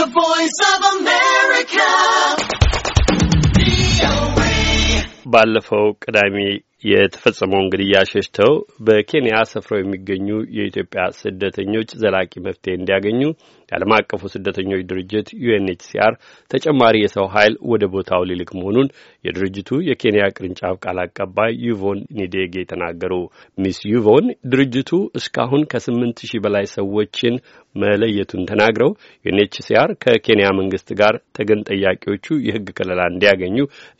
The Voice of America. ባለፈው ቅዳሜ የተፈጸመውን ግድያ ሸሽተው በኬንያ ሰፍረው የሚገኙ የኢትዮጵያ ስደተኞች ዘላቂ መፍትሄ እንዲያገኙ የዓለም አቀፉ ስደተኞች ድርጅት ዩኤንኤችሲአር ተጨማሪ የሰው ኃይል ወደ ቦታው ሊልክ መሆኑን የድርጅቱ የኬንያ ቅርንጫፍ ቃል አቀባይ ዩቮን ኒዴጌ ተናገሩ። ሚስ ዩቮን ድርጅቱ እስካሁን ከስምንት ሺህ በላይ ሰዎችን መለየቱን ተናግረው ዩኤንኤችሲአር ከኬንያ መንግስት ጋር ተገን ጠያቂዎቹ የህግ ከለላ እንዲያገኙ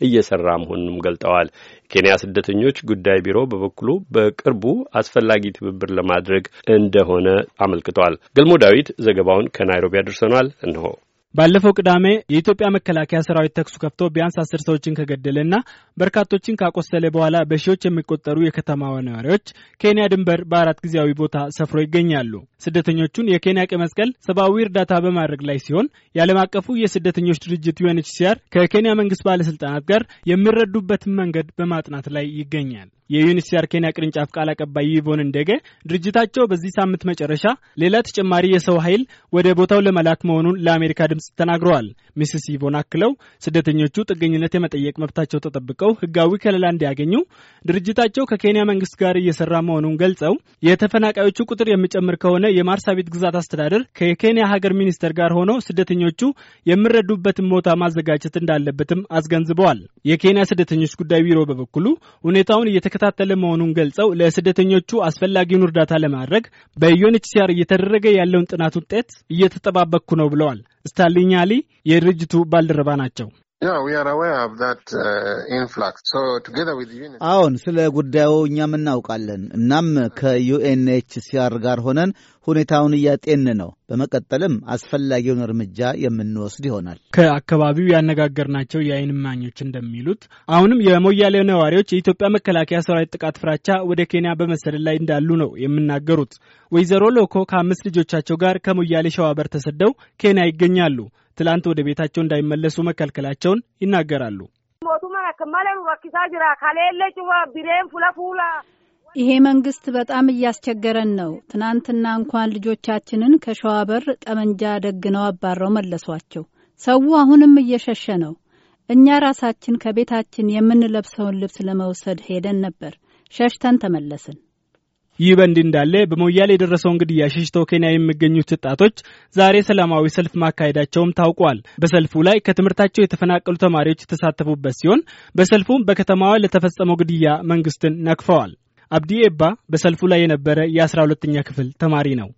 እየሰራ መሆኑንም ገልጠዋል። የኬንያ ስደተኞች የስደተኞች ጉዳይ ቢሮ በበኩሉ በቅርቡ አስፈላጊ ትብብር ለማድረግ እንደሆነ አመልክቷል። ገልሞ ዳዊት ዘገባውን ከናይሮቢ አድርሰናል። እንሆ ባለፈው ቅዳሜ የኢትዮጵያ መከላከያ ሰራዊት ተኩሱ ከፍቶ ቢያንስ አስር ሰዎችን ከገደለና በርካቶችን ካቆሰለ በኋላ በሺዎች የሚቆጠሩ የከተማዋ ነዋሪዎች ኬንያ ድንበር በአራት ጊዜያዊ ቦታ ሰፍሮ ይገኛሉ። ስደተኞቹን የኬንያ ቀይ መስቀል ሰብአዊ እርዳታ በማድረግ ላይ ሲሆን የዓለም አቀፉ የስደተኞች ድርጅት ዩኤንኤችሲአር ከኬንያ መንግስት ባለስልጣናት ጋር የሚረዱበትን መንገድ በማጥናት ላይ ይገኛል። የዩኤንኤችሲአር ኬንያ ቅርንጫፍ ቃል አቀባይ ይቮን እንደገ ድርጅታቸው በዚህ ሳምንት መጨረሻ ሌላ ተጨማሪ የሰው ኃይል ወደ ቦታው ለመላክ መሆኑን ለአሜሪካ ድምፅ ተናግረዋል። ሚስስ ይቮን አክለው ስደተኞቹ ጥገኝነት የመጠየቅ መብታቸው ተጠብቀው ህጋዊ ከለላ እንዲያገኙ ድርጅታቸው ከኬንያ መንግስት ጋር እየሰራ መሆኑን ገልጸው የተፈናቃዮቹ ቁጥር የሚጨምር ከሆነ የማርሳቢት ግዛት አስተዳደር ከኬንያ ሀገር ሚኒስተር ጋር ሆኖ ስደተኞቹ የሚረዱበትን ቦታ ማዘጋጀት እንዳለበትም አስገንዝበዋል። የኬንያ ስደተኞች ጉዳይ ቢሮ በበኩሉ ሁኔታውን እየተከታተለ መሆኑን ገልጸው ለስደተኞቹ አስፈላጊውን እርዳታ ለማድረግ በዩኤንኤችሲአር እየተደረገ ያለውን ጥናት ውጤት እየተጠባበቅኩ ነው ብለዋል። ስታሊኛሊ የድርጅቱ ባልደረባ ናቸው። Uh, አዎን፣ ስለ ጉዳዩ እኛም እናውቃለን። እናም ከዩኤንኤችሲአር ጋር ሆነን ሁኔታውን እያጤን ነው። በመቀጠልም አስፈላጊውን እርምጃ የምንወስድ ይሆናል። ከአካባቢው ያነጋገርናቸው የአይን እማኞች እንደሚሉት አሁንም የሞያሌ ነዋሪዎች የኢትዮጵያ መከላከያ ሰራዊት ጥቃት ፍራቻ ወደ ኬንያ በመሰደድ ላይ እንዳሉ ነው የሚናገሩት። ወይዘሮ ሎኮ ከአምስት ልጆቻቸው ጋር ከሞያሌ ሸዋበር ተሰደው ኬንያ ይገኛሉ። ትላንት ወደ ቤታቸው እንዳይመለሱ መከልከላቸውን ይናገራሉ። ይሄ መንግስት በጣም እያስቸገረን ነው። ትናንትና እንኳን ልጆቻችንን ከሸዋ በር ጠመንጃ ደግነው አባረው መለሷቸው። ሰው አሁንም እየሸሸ ነው። እኛ ራሳችን ከቤታችን የምንለብሰውን ልብስ ለመውሰድ ሄደን ነበር። ሸሽተን ተመለስን። ይህ በእንዲህ እንዳለ በሞያሌ የደረሰውን ግድያ ሸሽተው ኬንያ የሚገኙት ወጣቶች ዛሬ ሰላማዊ ሰልፍ ማካሄዳቸውም ታውቋል። በሰልፉ ላይ ከትምህርታቸው የተፈናቀሉ ተማሪዎች የተሳተፉበት ሲሆን በሰልፉም በከተማዋ ለተፈጸመው ግድያ መንግስትን ነቅፈዋል። አብዲ ኤባ በሰልፉ ላይ የነበረ የአስራ ሁለተኛ ክፍል ተማሪ ነው።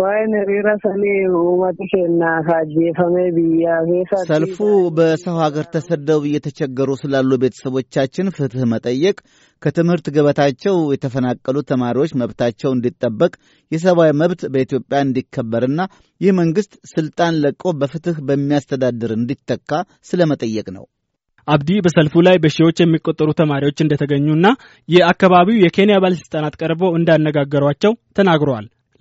ወይን ሪራ ሰኒ ውመት ኬና ካጄፈሜ ብያ ኬሳ ሰልፉ በሰው ሀገር ተሰደው እየተቸገሩ ስላሉ ቤተሰቦቻችን ፍትህ መጠየቅ፣ ከትምህርት ገበታቸው የተፈናቀሉ ተማሪዎች መብታቸው እንዲጠበቅ፣ የሰብአዊ መብት በኢትዮጵያ እንዲከበርና ይህ ስልጣን ለቆ በፍትህ በሚያስተዳድር እንዲተካ ስለ መጠየቅ ነው። አብዲ በሰልፉ ላይ በሺዎች የሚቆጠሩ ተማሪዎች እንደተገኙና የአካባቢው የኬንያ ባለሥልጣናት ቀርበው እንዳነጋገሯቸው ተናግረዋል።